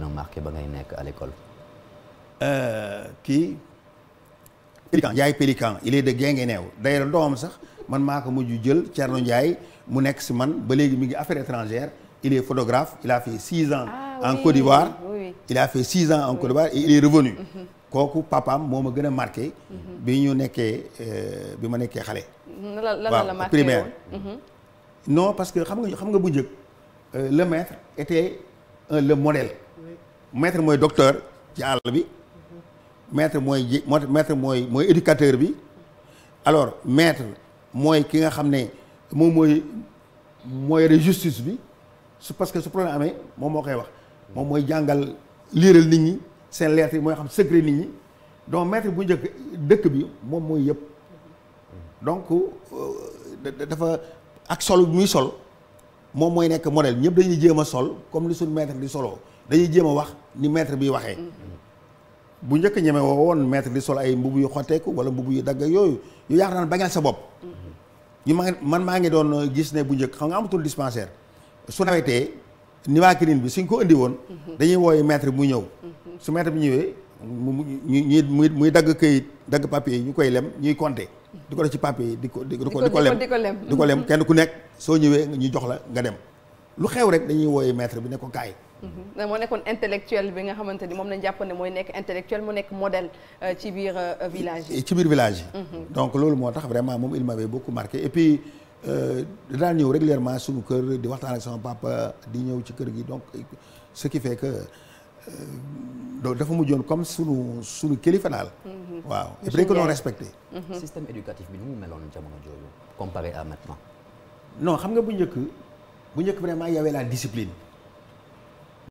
gën a ba ngay nekk à l'école euh, kii Pélican Ndiaye Pélican il est de Guinguinéo d'ailleurs doomam sax man maa ko mujj jël Thierno Ndiaye mu nekk si man ba léegi mi ngi affaire étrangère il est photographe il a fait six ans ah, en oui, Côte d'Ivoire oui. il a fait six ans en oui. Côte il est revenu kooku papaam moo ma gën a marqué bi ñu nekkee euh, bi ma nekkee xale waaw primaire mhm. non parce que xam nga xam nga bu njëkk euh, le maître était le modèle maître mooy docteur ci àll bi maître mooy maître mooy mooy éducateur bi alors maître mooy ki nga xam ne moom mooy mooy yore justice bi su parce que su problème amee moom moo koy wax moom mooy jàngal liiral nit ñi seen lettre yi mooy xam secret nit ñi donc maître bu njëkk dëkk bi moom mooy yëpp donc euh, dafa ak sol bi muy sol moom mooy nekk modèle ñëpp dañuy jéem a sol comme li suñ maître di soloo dañuy jéema wax ni maître bi waxee bu njëkk ñeme woo woon maître di sol ay mbubu yu xotteeku wala mbubb yu dagg yooyu yu yaakaar naan bañal sa bopp yi ma man maa ngi doon gis ne bu njëkk xam nga amatul dispensaire su nawetee niwaakirin bi suñ ko indi woon dañuy wooye maître bi mu ñëw su maître bi ñëwee mu muy muy dagg këyit dagg yi ñu koy lem ñuy compter di ko def ci papier yi di ko di ko di ko lem di ko lem kenn ku nekk soo ñëwee ñu jox la nga dem lu xew rek dañuy wooyee maître bi ne ko kaay. Mm-hmm. moo nekkoon intellectuel bi nga xamante ni moom nekk intellectuel euh, euh, ci biir village yi. Mm-hmm. donc loolu moo tax moom il m'avait beaucoup marqué et puis euh, daan ñëw régulièrement suñu kër di waxtaan ak sama papa di ñëw ci kër gi donc ce qui fait que. donc dafa mujjoon comme sunu sunu kilifa daal. Mhm. waaw et puis dañ ko doon respecté. Mhm. système éducatif bi nu mu meloon jamono jooju comparé a maintenant. non xam nga bu njëkk bu njëkk vraiment y avait la discipline.